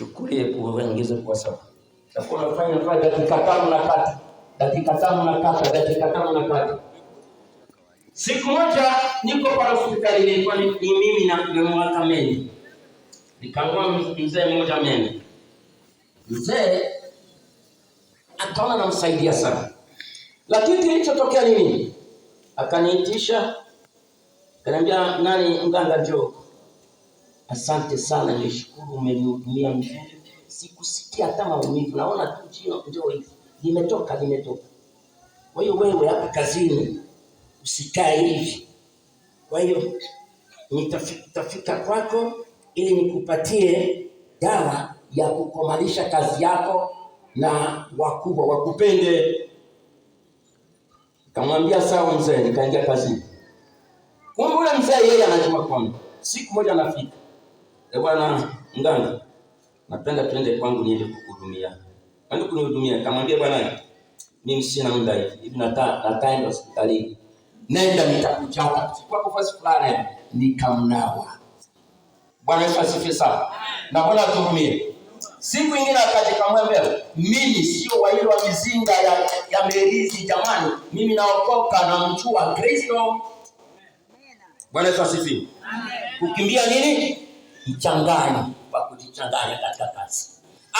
chukulie kuingiza kwa sababu takuwa nafanya kwa dakika tano na kati dakika tano na kati dakika tano na kati. Siku moja niko pale hospitali, nilikuwa ni mimi na nimemwata meno, nikaangua mzee mmoja meno. Mzee akaona namsaidia sana, lakini kilichotokea ni nini? Akaniitisha, akaniambia, nani mganga, njoo Asante sana, nishukuru umenihudumia mzuri, sikusikia hata maumivu. Naona tu jino ndio hivi limetoka, limetoka. Kwa hiyo wewe hapa kazini usikae hivi. Kwa hiyo nitafika kwako ili nikupatie dawa ya kukomalisha kazi yako na wakubwa wakupende. Kamwambia sawa mzee, nikaingia kazini. Kumbe yule mzee yeye anajua kwamba siku moja nafika Eh, bwana mganga, napenda tuende kwangu niende kukuhudumia. Kwani kunihudumia? Kamwambia bwana, mimi sina muda hivi. Hivi nataka nataenda hospitali. Nenda nitakuchapa. Sikuwa kwa kufasi fulani nikamnawa. Bwana Yesu asifiwe sana. Na Bwana atuhurumie. Siku ingine akaja kamwambia, mimi sio wa ile wa mizinga ya, ya merizi jamani, mimi naokoka na mchua Kristo. Bwana Yesu asifiwe. Kukimbia nini? mchangani wa kujichanganya katika kazi.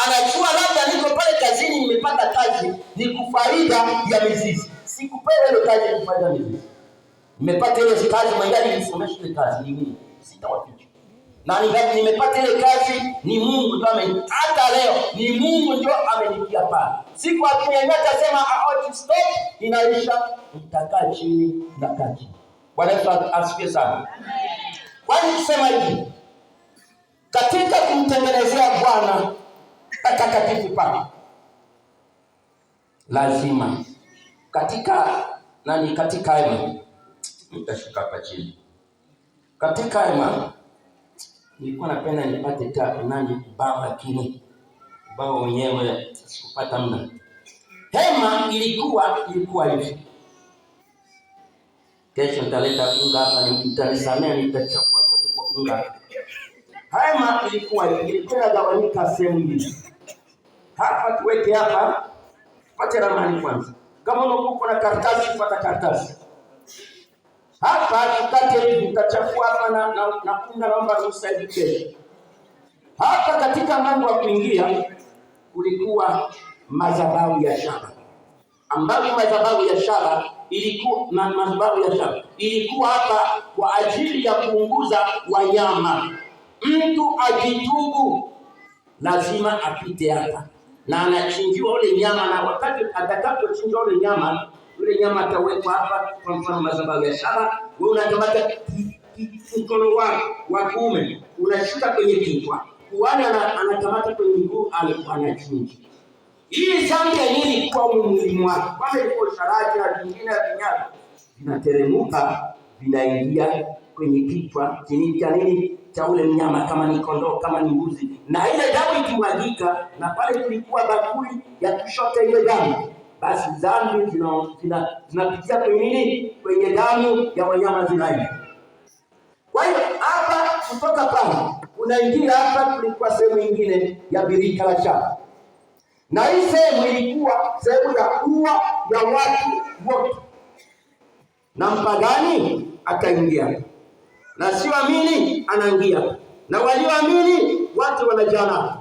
Anajua labda niko pale kazini, nimepata kazi ni kufaida ya mizizi, sikupewa ile kazi ya kufaida mizizi, nimepata ile kazi mwenyewe, nisomeshe ile kazi ni Mungu, na na nimepata ile kazi ni Mungu ndio ame, Hata leo ni Mungu ndio amenikia pale. Siku akinyanyua sema aoti ah, oh, stop, inaisha, nitakaa chini na kazi. Bwana Yesu asifiwe sana. Kwani kusema hivi katika kumtengenezea Bwana patakatifu pake. Lazima katika nani, katika hema, nitashuka hapa chini, katika hema nilikuwa napenda nipate ta nani bao lakini ubao wenyewe sikupata mna. Hema ilikuwa ilikuwa hivi, kesho nitaleta unga hapa, nitalisamea, nitachukua kote kwa unga hema ilikuwa ilikuwa gawanyika sehemu mbili. Hapa tuweke hapa, pate ramani kwanza, kama unakuko na karatasi pata karatasi hapa, tukate hivi, utachafua hapa na na kunda, naomba usaidike hapa. Katika mlango wa kuingia kulikuwa madhabahu ya shaba, ambayo madhabahu ya shaba ilikuwa madhabahu ya shaba ilikuwa hapa kwa ajili ya kuunguza wanyama Mtu akitubu lazima apite hapa na anachinjiwa ule nyama, na wakati atakapochinjwa ule nyama, ule nyama atawekwa hapa, kwa mfano madhabahu ya shaba. Wewe unakamata mkono wako wa kuume unashika kwenye kichwa, kuhani anakamata kwenye mguu, anachinja. Hii dhambi ya nini? Kwa mwili wake, kwanza ilikuwa sharati na vingine vinyago vinateremuka vinaingia kwenye kichwa kinini cha nini cha ule mnyama, kama ni kondoo, kama ni mbuzi, na ile damu ikimwagika, na pale kulikuwa bakuli ya kushota ile damu, basi dhambi zinapitia kwenye nini, kwenye damu ya wanyama zinaenda. Kwa hiyo hapa kutoka pale unaingia hapa, kulikuwa sehemu nyingine ya birika la shaba, na hii sehemu ilikuwa sehemu ya kuwa ya watu wote na mpagani akaingia, na sioamini anaingia, na walioamini watu wanajana,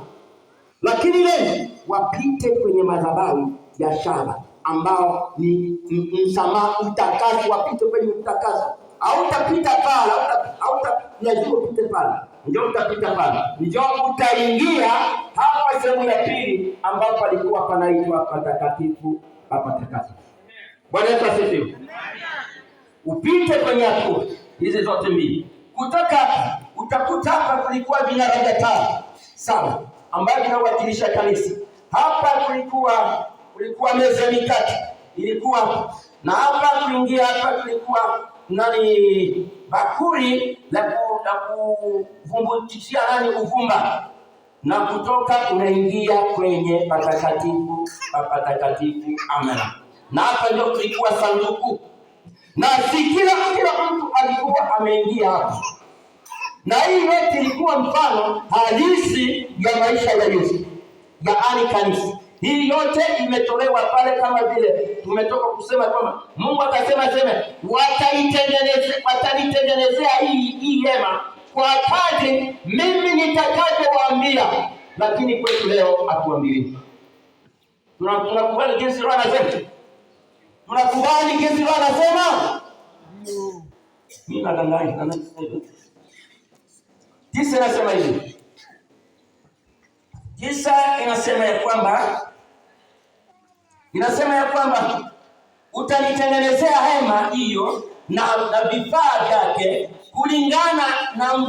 lakini le wapite kwenye madhabahu ya shaba ambao ni msamaha, utakaso. Wapite kwenye utakaso, au utapita pala, au lazima upite pala, ndio utapita pala, ndio utaingia hapa, sehemu ya pili ambapo palikuwa panaitwa patakatifu hapa takatifu. Bwana Yesu asifiwe upite kwenye hatua hizi zote mbili. Kutoka hapa utakuta hapa kulikuwa vinara tano sawa, ambayo vinawakilisha kanisa. Hapa kulikuwa kulikuwa meza mikate ilikuwa na hapa kuingia hapa kulikuwa nani bakuli la kuvumbutishia nani uvumba, na kutoka unaingia kwenye patakatifu patakatifu amana, na hapa ndio kulikuwa sanduku na si kila kila mtu alikuwa ameingia hapo, na hii yote ilikuwa mfano halisi ya maisha ya Yesu, yaani kanisa. Hii yote imetolewa pale, kama vile tumetoka kusema kwamba Mungu akasema sema, wataitengeneze watalitengenezea hii hii hema kwa kadri mimi nitakavyowaambia, lakini kwetu leo hatuambii. Tunakubali jinsi Roho anasema Mnakubali kesi leo anasema? Mimi nadanganya. Tisa inasema hivi. Tisa inasema ya kwamba inasema ya kwamba utanitengenezea hema hiyo na vifaa vyake kulingana na